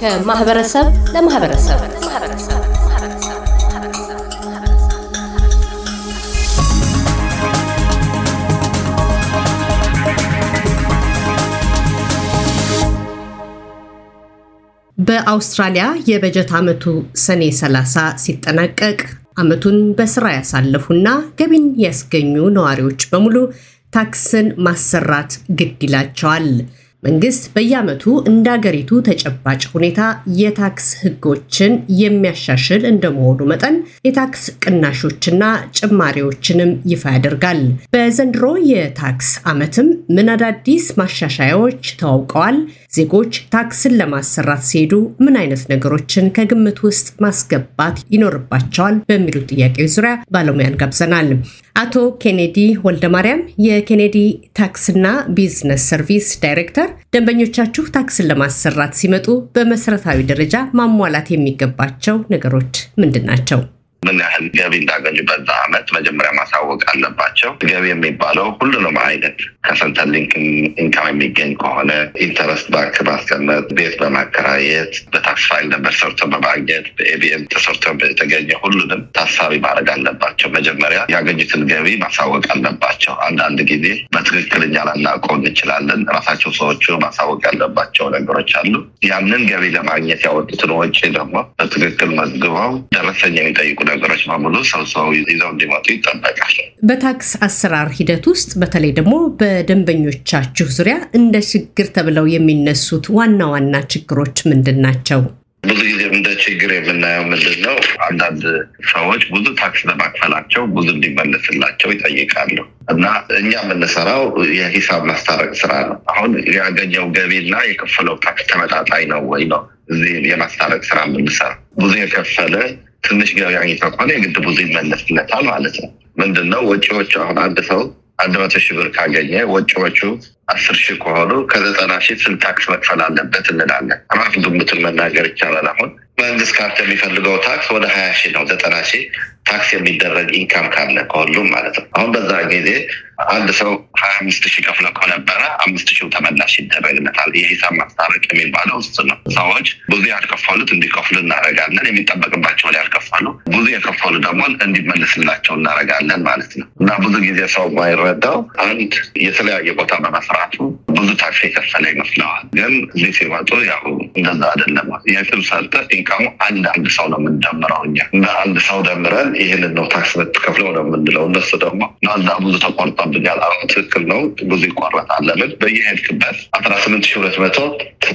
ከማህበረሰብ ለማህበረሰብ በአውስትራሊያ የበጀት ዓመቱ ሰኔ 30 ሲጠናቀቅ ዓመቱን በስራ ያሳለፉና ገቢን ያስገኙ ነዋሪዎች በሙሉ ታክስን ማሰራት ግድ ይላቸዋል። መንግስት በየዓመቱ እንደ አገሪቱ ተጨባጭ ሁኔታ የታክስ ህጎችን የሚያሻሽል እንደመሆኑ መጠን የታክስ ቅናሾችና ጭማሪዎችንም ይፋ ያደርጋል። በዘንድሮ የታክስ ዓመትም ምን አዳዲስ ማሻሻያዎች ተዋውቀዋል? ዜጎች ታክስን ለማሰራት ሲሄዱ ምን አይነት ነገሮችን ከግምት ውስጥ ማስገባት ይኖርባቸዋል? በሚሉ ጥያቄዎች ዙሪያ ባለሙያን ጋብዘናል። አቶ ኬኔዲ ወልደማርያም የኬኔዲ ታክስና ቢዝነስ ሰርቪስ ዳይሬክተር ደንበኞቻችሁ ታክስን ለማሰራት ሲመጡ በመሰረታዊ ደረጃ ማሟላት የሚገባቸው ነገሮች ምንድን ናቸው? ምን ያህል ገቢ እንዳገኙ በዛ አመት መጀመሪያ ማሳወቅ አለባቸው። ገቢ የሚባለው ሁሉንም አይነት ሊንክ ኢንካም የሚገኝ ከሆነ ኢንተረስት ባንክ ማስቀመጥ፣ ቤት በማከራየት፣ በታክስ ፋይል ነበር ሰርቶ በማግኘት፣ በኤቢኤም ተሰርቶ የተገኘ ሁሉንም ታሳቢ ማድረግ አለባቸው። መጀመሪያ ያገኙትን ገቢ ማሳወቅ አለባቸው። አንዳንድ ጊዜ እኛ ላናውቀው እንችላለን። ራሳቸው ሰዎቹ ማሳወቅ ያለባቸው ነገሮች አሉ። ያንን ገቢ ለማግኘት ያወጡትን ወጪ ደግሞ በትክክል መዝግበው ደረሰኝ የሚጠይቁ ነገሮች በሙሉ ሰብሰው ይዘው እንዲመጡ ይጠበቃል። በታክስ አሰራር ሂደት ውስጥ በተለይ ደግሞ በደንበኞቻችሁ ዙሪያ እንደ ችግር ተብለው የሚነሱት ዋና ዋና ችግሮች ምንድን ናቸው? ብዙ ጊዜ እንደ ችግር የምናየው ምንድን ነው? አንዳንድ ሰዎች ብዙ ታክስ ለማክፈላቸው ብዙ እንዲመለስላቸው ይጠይቃሉ እና እኛ የምንሰራው የሂሳብ ማስታረቅ ስራ ነው። አሁን ያገኘው ገቢና የከፈለው ታክስ ተመጣጣኝ ነው ወይ ነው እዚህ የማስታረቅ ስራ የምንሰራ ብዙ የከፈለ ትንሽ ገቢ አግኝታ ከሆነ የግድ ብዙ ይመለስለታል ማለት ነው። ምንድን ነው ወጪዎቹ? አሁን አንድ ሰው አንድ መቶ ሺህ ብር ካገኘ ወጪዎቹ አስር ሺህ ከሆኑ ከዘጠና ሺህ ስንት ታክስ መክፈል አለበት እንላለን። ራፍ ግምትን መናገር ይቻላል። አሁን መንግስት ካርት የሚፈልገው ታክስ ወደ ሀያ ሺህ ነው። ዘጠና ሺህ ታክስ የሚደረግ ኢንካም ካለ ከሁሉም ማለት ነው። አሁን በዛ ጊዜ አንድ ሰው ሀያ አምስት ሺህ ከፍሎ ከነበረ አምስት ሺው ተመላሽ ይደረግለታል። የሂሳብ ማስታረቅ የሚባለው እሱ ነው። ሰዎች ብዙ ያልከፈሉት እንዲከፍሉ እናደርጋለን። የሚጠበቅባቸው ያልከፈሉ ብዙ የከፈሉ ደግሞ እንዲመልስላቸው እናደርጋለን ማለት ነው። እና ብዙ ጊዜ ሰው ማይረዳው አንድ የተለያየ ቦታ በመስራቱ ብዙ ታክስ የከፈለ ይመስለዋል። ግን እዚህ ሲመጡ ያው እንደዛ አይደለም። የትም ሰርተ ኢንካሙ አንድ አንድ ሰው ነው የምንደምረው እኛ እና አንድ ሰው ደምረን ይህንን ነው ታክስ ብትከፍለው ነው የምንለው። እነሱ ደግሞ ብዙ ተቆርጠ ያመጣብኛል። አሁን ትክክል ነው ብዙ ይቋረጣል። ለምን በየሄድክበት አስራ ስምንት ሺ ሁለት መቶ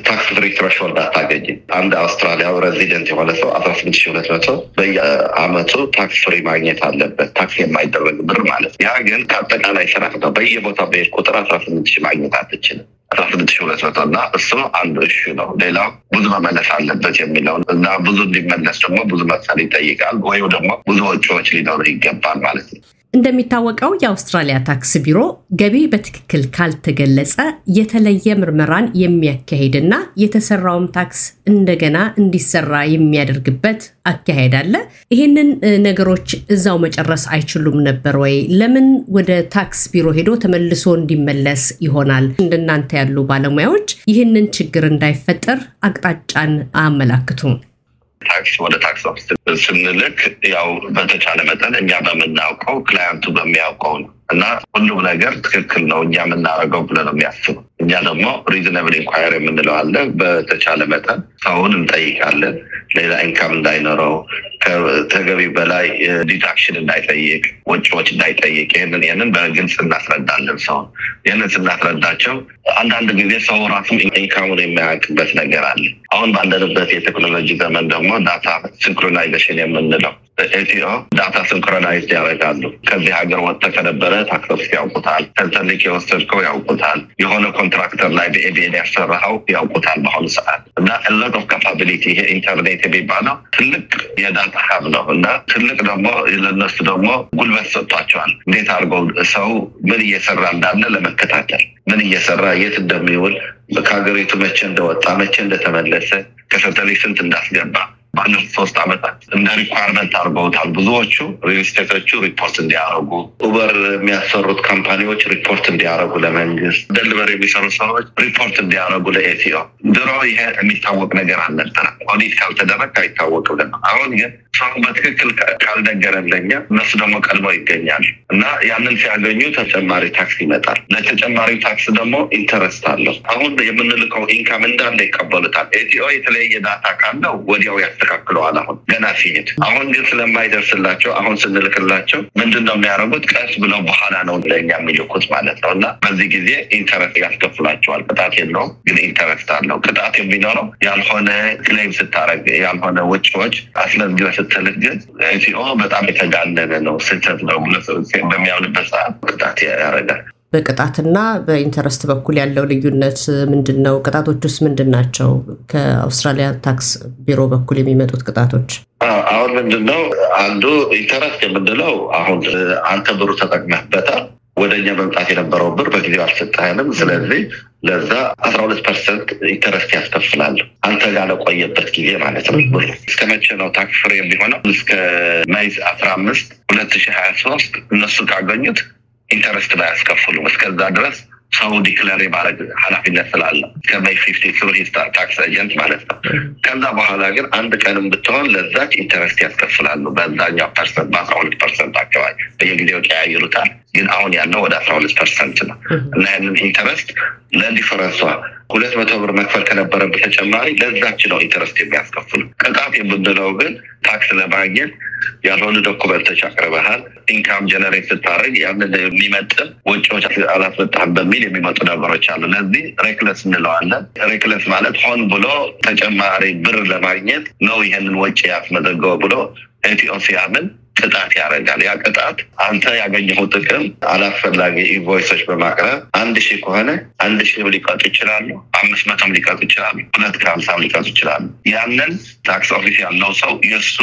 ታክስ ፍሪ ትረሾልድ አታገኝ። አንድ አውስትራሊያ ሬዚደንት የሆነ ሰው አስራ ስምንት ሺ ሁለት መቶ በየአመቱ ታክስ ፍሪ ማግኘት አለበት። ታክስ የማይደረግ ብር ማለት ያ ግን ከአጠቃላይ ስራ ነው። በየቦታ በሄድ ቁጥር አስራ ስምንት ሺ ማግኘት አትችልም። አስራ ስምንት ሺ ሁለት መቶ እና እሱ አንዱ እሹ ነው። ሌላው ብዙ መመለስ አለበት የሚለው እና ብዙ እንዲመለስ ደግሞ ብዙ መሰል ይጠይቃል። ወይም ደግሞ ብዙ ወጪዎች ሊኖሩ ይገባል ማለት ነው። እንደሚታወቀው የአውስትራሊያ ታክስ ቢሮ ገቢ በትክክል ካልተገለጸ የተለየ ምርመራን የሚያካሄድና የተሰራውም ታክስ እንደገና እንዲሰራ የሚያደርግበት አካሄድ አለ። ይህንን ነገሮች እዛው መጨረስ አይችሉም ነበር ወይ? ለምን ወደ ታክስ ቢሮ ሄዶ ተመልሶ እንዲመለስ ይሆናል? እንደናንተ ያሉ ባለሙያዎች ይህንን ችግር እንዳይፈጠር አቅጣጫን አያመላክቱም? ታክስ ወደ ታክስ ኦፊስ ስንልክ ያው በተቻለ መጠን እኛ በምናውቀው ክላያንቱ በሚያውቀው ነው እና ሁሉም ነገር ትክክል ነው እኛ የምናደርገው ብለን ነው የሚያስበው። እኛ ደግሞ ሪዝነብል ኢንኳየር የምንለው አለ። በተቻለ መጠን ሰውን እንጠይቃለን። ሌላ ኢንካም እንዳይኖረው፣ ተገቢ በላይ ዲዳክሽን እንዳይጠይቅ፣ ወጪዎች እንዳይጠይቅ ይህንን ይህንን በግልጽ እናስረዳለን። ሰውን ይህንን ስናስረዳቸው አንዳንድ ጊዜ ሰው ራሱ ኢንካሙን የሚያውቅበት ነገር አለ። አሁን ባለንበት የቴክኖሎጂ ዘመን ደግሞ ዳታ ሲንክሮናይዜሽን የምንለው በኤቲኦ ዳታ ሲንክሮናይዝ ያደርጋሉ። ከዚህ ሀገር ወጥተ ከነበረ ታክሰስ ያውቁታል። ተንሰልክ የወሰድከው ያውቁታል። የሆነ ኮንትራክተር ላይ በኤቢኤን ያሰራኸው ያውቁታል። በአሁኑ ሰዓት እና ለት ኦፍ ካፓቢሊቲ ይሄ ኢንተርኔት የሚባለው ትልቅ የዳታ ሀብ ነው እና ትልቅ ደግሞ ለነሱ ደግሞ ጉልበት ሰጥቷቸዋል። እንዴት አድርገው ሰው ምን እየሰራ እንዳለ ለመከታተል ምን እየሰራ የት እንደሚውል ከሀገሪቱ መቼ እንደወጣ መቼ እንደተመለሰ ከሰተሊ ስንት እንዳስገባ ባለፉት ሶስት ዓመታት እንደ ሪኳርመንት አድርገውታል። ብዙዎቹ ሪልስቴቶቹ ሪፖርት እንዲያደርጉ፣ ኡበር የሚያሰሩት ካምፓኒዎች ሪፖርት እንዲያደርጉ ለመንግስት፣ ደልበር የሚሰሩ ሰዎች ሪፖርት እንዲያደርጉ ለኤቲኦ። ድሮ ይሄ የሚታወቅ ነገር አልነበረም። ኦዲት ካልተደረግ አይታወቅም። አሁን ግን ሰው በትክክል ካልነገረን ለኛ እነሱ ደግሞ ቀድመው ይገኛሉ እና ያንን ሲያገኙ ተጨማሪ ታክስ ይመጣል። ለተጨማሪው ታክስ ደግሞ ኢንተረስት አለው። አሁን የምንልከው ኢንካም እንዳለ ይቀበሉታል። ኤቲኦ የተለያየ ዳታ ካለው ወዲያው ያ። ያስተካክለዋል። አሁን ገና ሲኒት አሁን ግን ስለማይደርስላቸው አሁን ስንልክላቸው ምንድን ነው የሚያደርጉት? ቀስ ብለው በኋላ ነው ለእኛ የሚልኩት ማለት ነው። እና በዚህ ጊዜ ኢንተረስት ያስከፍላቸዋል። ቅጣት የለውም፣ ግን ኢንተረስት አለው። ቅጣት የሚኖረው ያልሆነ ክሌም ስታረግ ያልሆነ ውጭዎች አስለዝገ ስትልክ ግን ሲኦ በጣም የተጋነነ ነው ስህተት ነው በሚያምንበት ሰዓት ቅጣት ያደርጋል። በቅጣትና በኢንተረስት በኩል ያለው ልዩነት ምንድን ነው? ቅጣቶች ውስጥ ምንድን ናቸው? ከአውስትራሊያ ታክስ ቢሮ በኩል የሚመጡት ቅጣቶች አሁን ምንድን ነው? አንዱ ኢንተረስት የምንለው አሁን አንተ ብሩ ተጠቅመህበታል፣ ወደ እኛ መምጣት የነበረው ብር በጊዜው አልሰጠህንም። ስለዚህ ለዛ አስራ ሁለት ፐርሰንት ኢንተረስት ያስከፍላል። አንተ ጋር ለቆየበት ጊዜ ማለት ነው። ብሩ እስከ መቼ ነው ታክስ ፍሬ የሚሆነው? እስከ ናይዝ አስራ አምስት ሁለት ሺ ሀያ ሶስት እነሱ ካገኙት ኢንተረስት ባያስከፍሉ እስከዛ ድረስ ሰው ዲክለር የማድረግ ኃላፊነት ስላለ ከበይ ፊፍቲ ስሩ ታክስ ኤጀንት ማለት ነው። ከዛ በኋላ ግን አንድ ቀንም ብትሆን ለዛች ኢንተረስት ያስከፍላሉ። በዛኛው ፐርሰንት በአስራ ሁለት ፐርሰንት አካባቢ በየጊዜው ቀያይሩታል። ግን አሁን ያለው ወደ አስራ ሁለት ፐርሰንት ነው እና ያንን ኢንተረስት ለዲፈረንሷ ሁለት መቶ ብር መክፈል ከነበረበት ተጨማሪ ለዛች ነው ኢንተረስት የሚያስከፍሉ። ቅጣት የምንለው ግን ታክስ ለማግኘት ያልሆኑ ዶኩመንቶች አቅርበሃል፣ ኢንካም ጀነሬት ስታደረግ ያንን የሚመጥን ወጪዎች አላስመጣህም በሚል የሚመጡ ነገሮች አሉ። ለዚህ ሬክለስ እንለዋለን። ሬክለስ ማለት ሆን ብሎ ተጨማሪ ብር ለማግኘት ነው ይህንን ወጪ ያስመዘገበ ብሎ ኤቲኦሲያምን ቅጣት ያደርጋል። ያ ቅጣት አንተ ያገኘው ጥቅም አላስፈላጊ ኢንቮይሶች በማቅረብ አንድ ሺህ ከሆነ አንድ ሺህ ሊቀጡ ይችላሉ፣ አምስት መቶም ሊቀጡ ይችላሉ፣ ሁለት ከሀምሳም ሊቀጡ ይችላሉ። ያንን ታክስ ኦፊስ ያለው ሰው የእሱ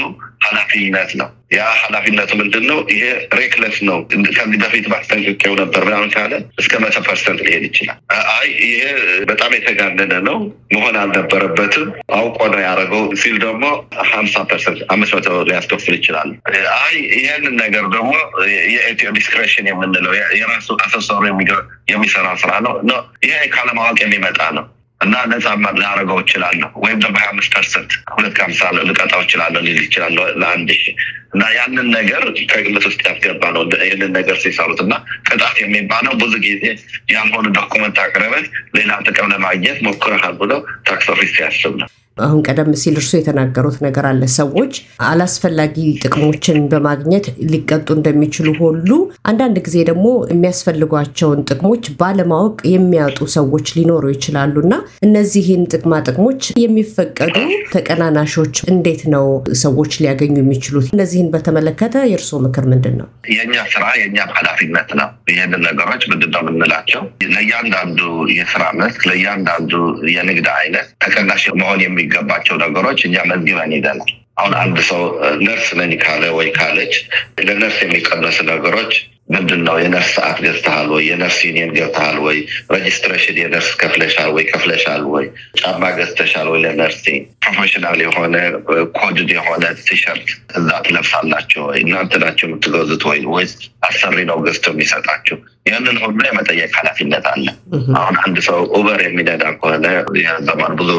ኃላፊነት ነው። ያ ኃላፊነቱ ምንድን ነው? ይሄ ሬክለስ ነው። ከዚህ በፊት ማስጠንቅቄው ነበር ምናምን ካለ እስከ መቶ ፐርሰንት ሊሄድ ይችላል። አይ ይሄ በጣም የተጋነነ ነው መሆን አልነበረበትም አውቆ ነው ያደረገው ሲል ደግሞ ሀምሳ ፐርሰንት አምስት መቶ ሊያስከፍል ይችላል። አይ ይህንን ነገር ደግሞ የኢትዮ ዲስክሬሽን የምንለው የራሱ አሰሰሩ የሚሰራ ስራ ነው። ይሄ ካለማወቅ የሚመጣ ነው። እና ነጻ ላደረገው እችላለሁ ወይም ደግሞ ሀያ አምስት ፐርሰንት ሁለት ከምሳ ልቀጣው እችላለሁ ሊል ይችላለ ለአንድ እና ያንን ነገር ከግምት ውስጥ ያስገባ ነው ይህንን ነገር ሲሰሩት እና ቅጣት የሚባለው ብዙ ጊዜ ያልሆኑ ዶኩመንት አቅርበት ሌላ ጥቅም ለማግኘት ሞክረሃል ብለው ታክስ ኦፊስ ያስብ ነው። አሁን ቀደም ሲል እርሱ የተናገሩት ነገር አለ። ሰዎች አላስፈላጊ ጥቅሞችን በማግኘት ሊቀጡ እንደሚችሉ ሁሉ አንዳንድ ጊዜ ደግሞ የሚያስፈልጓቸውን ጥቅሞች ባለማወቅ የሚያጡ ሰዎች ሊኖሩ ይችላሉ እና እነዚህን ጥቅማ ጥቅሞች የሚፈቀዱ ተቀናናሾች እንዴት ነው ሰዎች ሊያገኙ የሚችሉት? እነዚህን በተመለከተ የእርስዎ ምክር ምንድን ነው? የእኛ ስራ የእኛም ኃላፊነት ነው። ይህንን ነገሮች ምንድን ነው የምንላቸው? ለእያንዳንዱ የስራ መስክ፣ ለእያንዳንዱ የንግድ አይነት ተቀናሽ መሆን የሚ የሚገባቸው ነገሮች እኛ መዝግበን ይዘናል። አሁን አንድ ሰው ነርስ ነኝ ካለ ወይ ካለች ለነርስ የሚቀመስ ነገሮች ምንድን ነው የነፍስ ሰዓት ገዝተሃል ወይ? የነፍስ ዩኒየን ገብተሃል ወይ? ሬጅስትሬሽን የነርስ ከፍለሻል ወይ ከፍለሻል ወይ? ጫማ ገዝተሻል ወይ? ለነርሲንግ ፕሮፌሽናል የሆነ ኮድድ የሆነ ቲሸርት እዛ ትለብሳላችሁ ወይ? እናንተ ናቸው የምትገዙት ወይ ወይስ አሰሪ ነው ገዝቶ የሚሰጣችሁ? ይህንን ሁሉ የመጠየቅ ኃላፊነት አለ። አሁን አንድ ሰው ኡበር የሚነዳ ከሆነ ዘማን ብዙ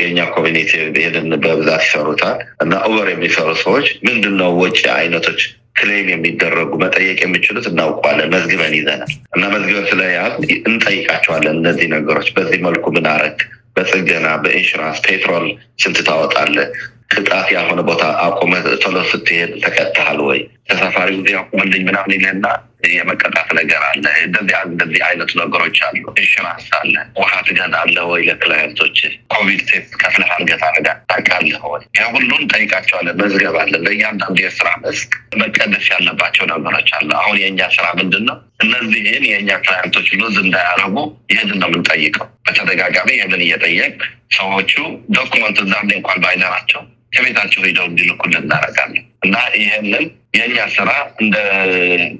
የእኛ ኮሚኒቲ ሄድን በብዛት ይሰሩታል እና ኡበር የሚሰሩ ሰዎች ምንድን ነው ወጪ አይነቶች ክሌም የሚደረጉ መጠየቅ የሚችሉት እናውቀዋለን፣ መዝግበን ይዘናል እና መዝግበን ስለያዝ እንጠይቃቸዋለን። እነዚህ ነገሮች በዚህ መልኩ ምን አረግ፣ በጽገና በኢንሹራንስ ፔትሮል ስንት ታወጣለህ ቅጣት ያልሆነ ቦታ አቆመ ቶሎ ስትሄድ ተቀጥተሃል ወይ ተሳፋሪ ጊዜ አቁምልኝ ምናምን ይልህና የመቀጣት ነገር አለ። እንደዚህ እንደዚህ አይነቱ ነገሮች አሉ። ኢንሹራንስ አለ። ውሃ ትገዛለህ ወይ ለክላየንቶች ኮቪድ ቴስት ከፍለህ አልገዛ ነገር ታውቃለህ ወይ? ያ ሁሉን ጠይቃቸዋለን። መዝገብ አለ። ለእያንዳንዱ የስራ መስክ መቀደስ ያለባቸው ነገሮች አለ። አሁን የእኛ ስራ ምንድን ነው? እነዚህን የእኛ ክላየንቶች ሉዝ እንዳያደርጉ ይህንን ነው የምንጠይቀው። በተደጋጋሚ ይህንን እየጠየቅ ሰዎቹ ዶክመንት እዛ እንኳን ባይነራቸው ከቤታቸው ሄደው እንዲልኩልን እናደርጋለን እና ይህንን የእኛ ስራ እንደ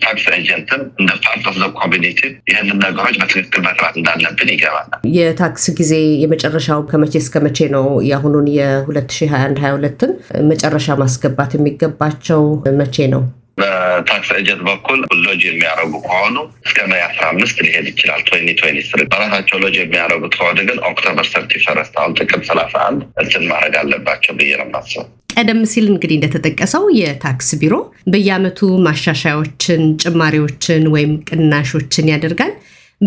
ታክስ ኤጀንትም እንደ ፓርት ኦፍ ዘ ኮሚኒቲ ይህንን ነገሮች በትክክል መስራት እንዳለብን ይገባል። የታክስ ጊዜ የመጨረሻው ከመቼ እስከ መቼ ነው? የአሁኑን የ2021 22ን መጨረሻ ማስገባት የሚገባቸው መቼ ነው? በታክስ እጀት በኩል ሎጅ የሚያደርጉ ከሆኑ እስከ መይ አስራ አምስት ሊሄድ ይችላል ትዌንቲ ትዌንቲ ስሪ በራሳቸው ሎጅ የሚያደረጉት ከሆነ ግን ኦክቶበር ሰርቲ ፈረስት አሁን ጥቅም ሰላሳ አንድ እንትን ማድረግ አለባቸው ብዬ ነው የማስበው። ቀደም ሲል እንግዲህ እንደተጠቀሰው የታክስ ቢሮ በየአመቱ ማሻሻያዎችን፣ ጭማሪዎችን ወይም ቅናሾችን ያደርጋል።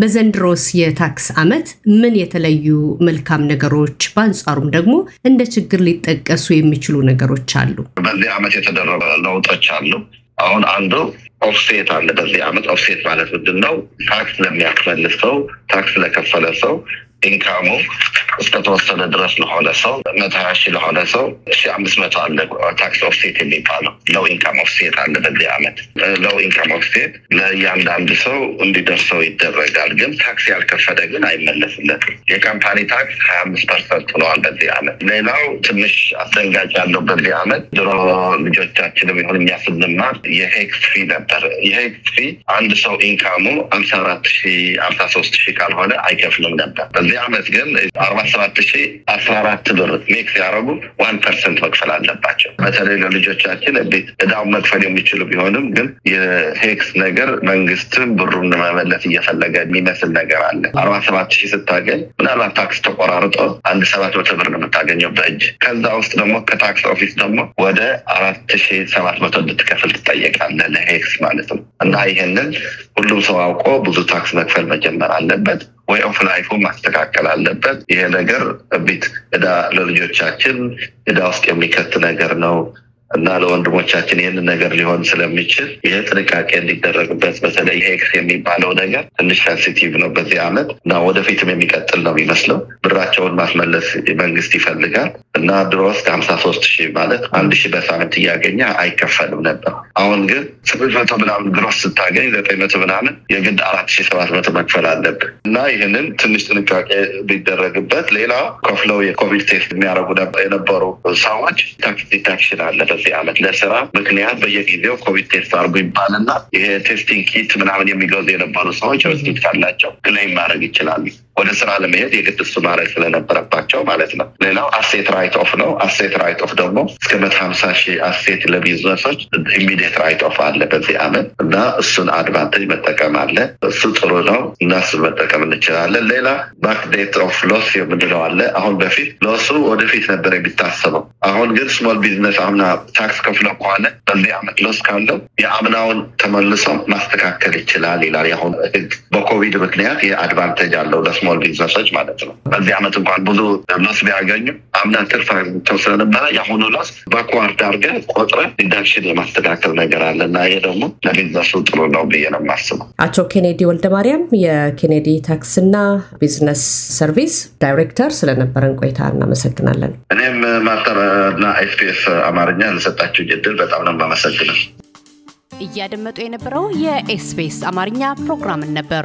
በዘንድሮስ የታክስ አመት ምን የተለዩ መልካም ነገሮች በአንጻሩም ደግሞ እንደ ችግር ሊጠቀሱ የሚችሉ ነገሮች አሉ? በዚህ አመት የተደረገ ለውጦች አሉ። አሁን አንዱ ኦፍሴት አለ። በዚህ አመት ኦፍሴት ማለት ምንድን ነው? ታክስ ለሚያክፈል ሰው ታክስ ለከፈለ ሰው ኢንካሙ እስከተወሰነ ድረስ ለሆነ ሰው መቶ ሀያ ለሆነ ሰው ሺ አምስት መቶ አለ ታክስ ኦፍሴት የሚባለው ሎው ኢንካም ኦፍሴት አለ። በዚህ አመት ሎው ኢንካም ኦፍሴት ለእያንዳንድ ሰው እንዲደርሰው ይደረጋል። ግን ታክስ ያልከፈለ ግን አይመለስለትም። የካምፓኒ ታክስ ሀያ አምስት ፐርሰንት ሆነዋል በዚህ አመት። ሌላው ትንሽ አስደንጋጭ ያለው በዚህ አመት ድሮ ልጆቻችንም ይሁን እኛ ስንማር የሄክስ ፊ ነበር። የሄክስ ፊ አንድ ሰው ኢንካሙ አምሳ አራት ሺ አምሳ ሶስት ሺ ካልሆነ አይከፍልም ነበር። በዚህ አመት ግን አርባ ሰባት ሺ አስራ አራት ብር ሜክስ ያደረጉ ዋን ፐርሰንት መክፈል አለባቸው። በተለይ ለልጆቻችን እዳው መክፈል የሚችሉ ቢሆንም ግን የሄክስ ነገር መንግስትም ብሩን መመለስ እየፈለገ የሚመስል ነገር አለ። አርባ ሰባት ሺህ ስታገኝ ምናልባት ታክስ ተቆራርጦ አንድ ሰባት መቶ ብር ነው የምታገኘው በእጅ ከዛ ውስጥ ደግሞ ከታክስ ኦፊስ ደግሞ ወደ አራት ሺ ሰባት መቶ እንድትከፍል ትጠየቃለህ ለሄክስ ማለት ነው እና ይህንን ሁሉም ሰው አውቆ ብዙ ታክስ መክፈል መጀመር አለበት ወይ ኦፍ ላይፉ ማስተካከል አለበት። ይሄ ነገር እቢት እዳ ለልጆቻችን እዳ ውስጥ የሚከት ነገር ነው። እና ለወንድሞቻችን ይህንን ነገር ሊሆን ስለሚችል ይህ ጥንቃቄ እንዲደረግበት በተለይ ሄክስ የሚባለው ነገር ትንሽ ሴንሲቲቭ ነው በዚህ አመት እና ወደፊትም የሚቀጥል ነው የሚመስለው። ብራቸውን ማስመለስ መንግስት ይፈልጋል እና ድሮ ውስጥ ሀምሳ ሶስት ሺህ ማለት አንድ ሺህ በሳምንት እያገኘ አይከፈልም ነበር። አሁን ግን ስምንት መቶ ምናምን ግሮስ ስታገኝ ዘጠኝ መቶ ምናምን የግድ አራት ሺ ሰባት መቶ መክፈል አለብን እና ይህንን ትንሽ ጥንቃቄ ቢደረግበት። ሌላው ከፍለው የኮቪድ ቴስት የሚያደርጉ የነበሩ ሰዎች ታክስ ሊታክስ በዚህ አመት ለስራ ምክንያት በየጊዜው ኮቪድ ቴስት አድርጉ ይባልና ይሄ ቴስቲንግ ኪት ምናምን የሚገዙ የነበሩ ሰዎች ሪስክ ካላቸው ክሌም ማድረግ ይችላሉ። ወደ ስራ ለመሄድ የግድ እሱ ማድረግ ስለነበረባቸው ማለት ነው። ሌላው አሴት ራይት ኦፍ ነው። አሴት ራይት ኦፍ ደግሞ እስከ መቶ ሀምሳ ሺህ አሴት ለቢዝነሶች ኢሚዲየት ራይት ኦፍ አለ በዚህ አመት እና እሱን አድቫንቴጅ መጠቀም አለ። እሱ ጥሩ ነው እና እሱ መጠቀም እንችላለን። ሌላ ባክ ዴት ኦፍ ሎስ የምንለው አለ። አሁን በፊት ሎሱ ወደፊት ነበር የሚታሰበው። አሁን ግን ስሞል ቢዝነስ አምና ታክስ ከፍለው ከሆነ በዚህ አመት ሎስ ካለው የአምናውን ተመልሶ ማስተካከል ይችላል ይላል አሁን ህግ። በኮቪድ ምክንያት የአድቫንቴጅ አለው ለስሞል ቢዝነሶች ማለት ነው። በዚህ አመት እንኳን ብዙ ሎስ ቢያገኙ አምና ትርፍ ስለነበረ የአሁኑ ሎስ በኳርድ አድርገህ ቆጥረህ ዲዳክሽን የማስተካከል የሚያስብ ነገር አለ እና ይሄ ደግሞ ለቢዝነሱ ጥሩ ነው ብዬ ነው የማስበው። አቶ ኬኔዲ ማርያም የኬኔዲ ታክስና ቢዝነስ ሰርቪስ ዳይሬክተር ስለነበረን ቆይታ እናመሰግናለን። እኔም ማተር እና ኤስፔስ አማርኛ ለሰጣችሁኝ እድል በጣም ነው የማመሰግነው። እያደመጡ የነበረው የኤስፔስ አማርኛ ፕሮግራምን ነበር።